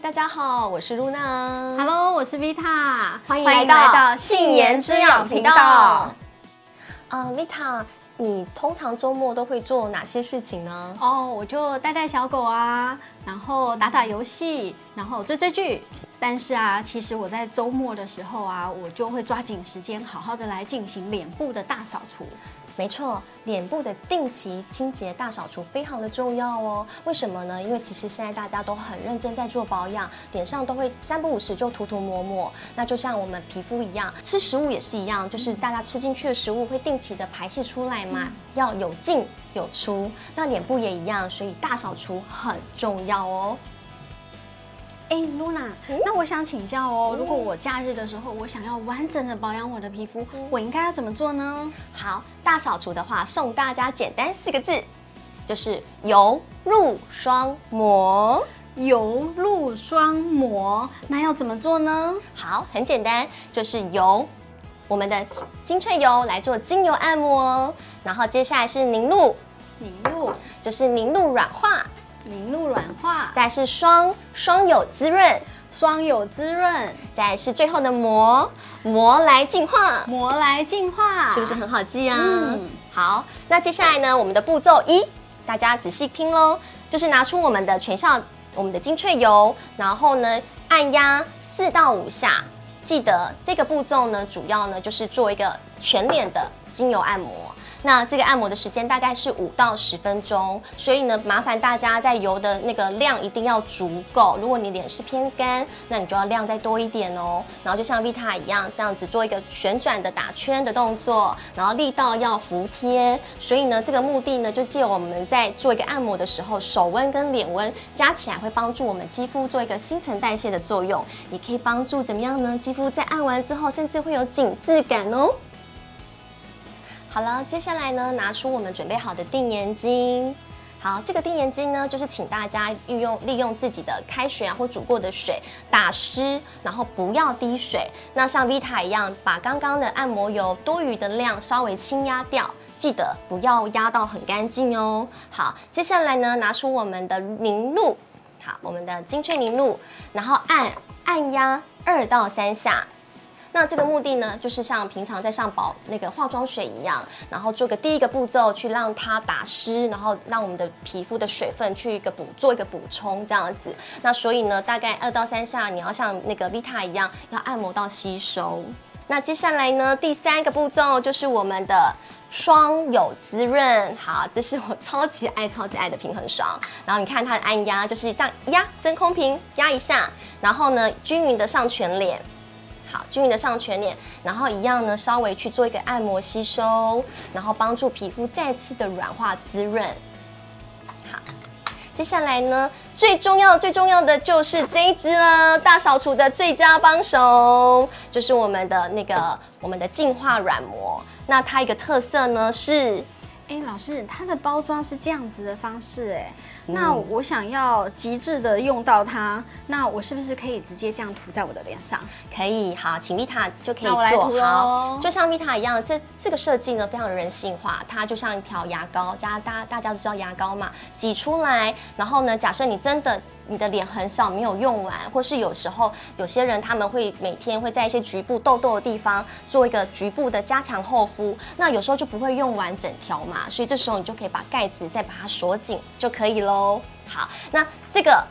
大家好，我是露娜。Hello，我是 Vita。歡迎來到杏顏滋養頻道。呃，Vita，你通常周末都會做哪些事情呢？哦，oh，我就帶帶小狗啊，然後打打遊戲，然後追追劇。但是啊，其實我在週末的時候啊，我就會抓緊時間，好好的來進行臉部的大掃除。沒錯，臉部的定期清潔大掃除非常的重要哦。為什麼呢？因為其實現在大家都很認真在做保養，臉上都會三不五時就塗塗抹抹。那就像我們皮膚一樣，吃食物也是一樣，就是大家吃進去的食物會定期的排泄出來嘛，要有進有出。那臉部也一樣，所以大掃除很重要哦。哎，Luna，那我想請教哦，如果我假日的時候我想要完整的保養我的皮膚，我應該要怎麼做呢？好，大掃除的話送大家簡單四個字，就是油露霜膜。油露霜膜，那要怎麼做呢？好，很簡單，就是由我們的精萃油來做精油按摩哦，然後接下來是凝露，凝露就是凝露軟化。凝露軟化，再是霜，霜有滋潤，霜有滋潤，再是最後的膜，膜來淨化，膜來淨化，是不是很好記啊、嗯？好，那接下來呢，我們的步驟一，大家仔細聽嘍，就是拿出我們的全效、我們的精萃油，然後呢按壓四到五下，記得這個步驟呢，主要呢就是做一個全臉的精油按摩。那這個按摩的時間大概是五到十分鐘，所以呢，麻煩大家在油的那個量一定要足夠。如果你臉是偏乾，那你就要量再多一點哦。然後就像 Vita 一樣，這樣子做一個旋轉的打圈的動作，然後力道要服帖。所以呢，這個目的呢，就借我們在做一個按摩的時候，手溫跟臉溫加起來會幫助我們肌膚做一個新陳代謝的作用。也可以幫助怎麼樣呢？肌膚在按完之後，甚至會有緊致感哦。好了，接下來呢，拿出我們準備好的定顏巾。好，這個定顏巾呢，就是請大家運用利用自己的開水啊或煮過的水打濕，然後不要滴水。那像 Vita 一樣，把剛剛的按摩油多餘的量稍微輕壓掉，記得不要壓到很乾淨哦。好，接下來呢，拿出我們的凝露，好，我們的精萃凝露，然後按按壓二到三下。那這個目的呢，就是像平常在上保那個化妝水一樣，然後做個第一個步驟，去讓它打濕，然後讓我們的皮膚的水分去一個補，做一個補充這樣子。那所以呢，大概二到三下，你要像那個 Vita 一樣，要按摩到吸收。那接下來呢，第三個步驟就是我們的霜有滋潤。好，這是我超級愛、超級愛的平衡霜。然後你看它的按壓就是這樣壓，真空瓶壓一下，然後呢均勻的上全臉。好，均勻的上全臉，然後一樣呢，稍微去做一個按摩吸收，然後幫助皮膚再次的軟化滋潤。好，接下來呢，最重要最重要的就是這一支了，大掃除的最佳幫手，就是我們的那個我們的淨化軟膜。那它一個特色呢是，哎，老師，它的包裝是這樣子的方式，哎。那我想要極致的用到它，嗯，那我是不是可以直接這樣塗在我的臉上？可以，好，請 Vita 就可以做。好。那我來塗，哦，就像 Vita 一樣。這這個設計呢非常人性化，它就像一條牙膏，家大大家都知道牙膏嘛，擠出來，然後呢，假設你真的你的臉很少沒有用完，或是有時候有些人他們會每天會在一些局部痘痘的地方做一個局部的加強厚敷，那有時候就不會用完整條嘛，所以這時候你就可以把蓋子再把它鎖緊就可以嘍。哦，好，那這個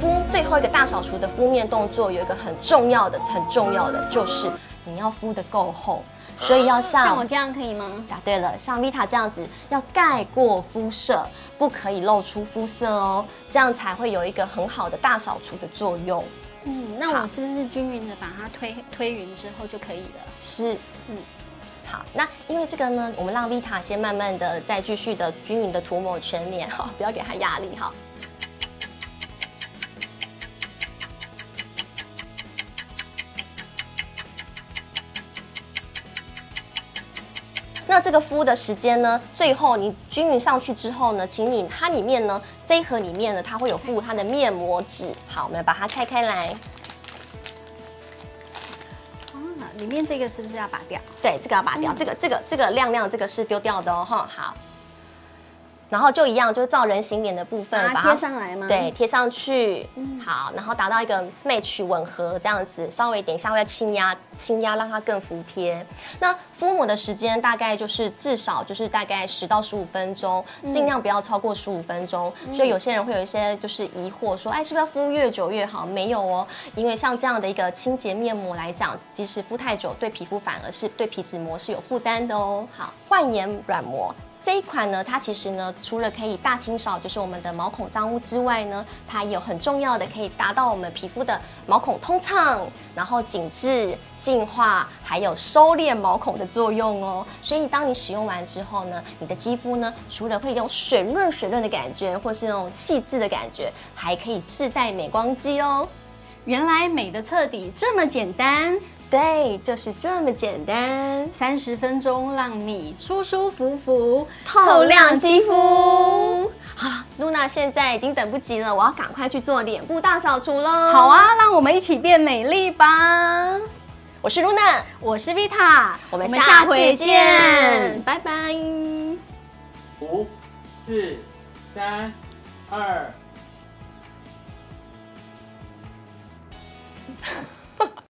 敷最後一個大掃除的敷面動作，有一個很重要的、很重要的，就是你要敷得夠厚，所以要像，像我這樣可以嗎？答對了，像 Vita 這樣子，要蓋過膚色，不可以露出膚色哦，這樣才會有一個很好的大掃除的作用。嗯，那我是不是均勻的把它推推勻之後就可以了？是，嗯。好，那因為這個呢，我們讓 Vita 先慢慢的再繼續的均勻的塗抹全臉，好，不要給它壓力哈。 那這個敷的時間呢，最後你均勻上去之後呢，請你它裡面呢，這一盒裡面呢，它會有附它的面膜紙，好，我們要把它拆開來。裡面這個是不是要拔掉？對，這個要拔掉。嗯、這個、這個、這個亮亮，這個是丟掉的哦。哈，好。然後就一樣，就照人形臉的部分把，把它貼上來嗎？對，貼上去、嗯。好，然後達到一個 match 吻合這樣子，稍微等一下，會要輕壓，輕壓讓它更服帖。那敷膜的時間大概就是至少就是大概十到十五分鐘、嗯，儘量不要超過十五分鐘、嗯。所以有些人會有一些就是疑惑說，說、嗯，哎，是不是要敷越久越好？沒有哦，因為像這樣的一個清潔面膜來講，即使敷太久，對皮膚反而是對皮脂膜是有負擔的哦。好，煥顏軟膜。這一款呢，它其實呢，除了可以大清掃，就是我們的毛孔髒污之外呢，它有很重要的可以達到我們皮膚的毛孔通暢，然後緊緻、淨化，還有收斂毛孔的作用哦。所以當你使用完之後呢，你的肌膚呢，除了會有水潤水潤的感覺，或是那種細緻的感覺，還可以自帶美光肌哦。原來美的徹底這麼簡單。對，就是這麼簡單，三十分鐘讓你舒舒服服、透亮肌膚。肌膚好了，露娜現在已經等不及了，我要趕快去做臉部大掃除嘍。好啊，讓我們一起變美麗吧！我是露娜，我是 Vita，我們，我們下回見，拜拜。五、四、三、二。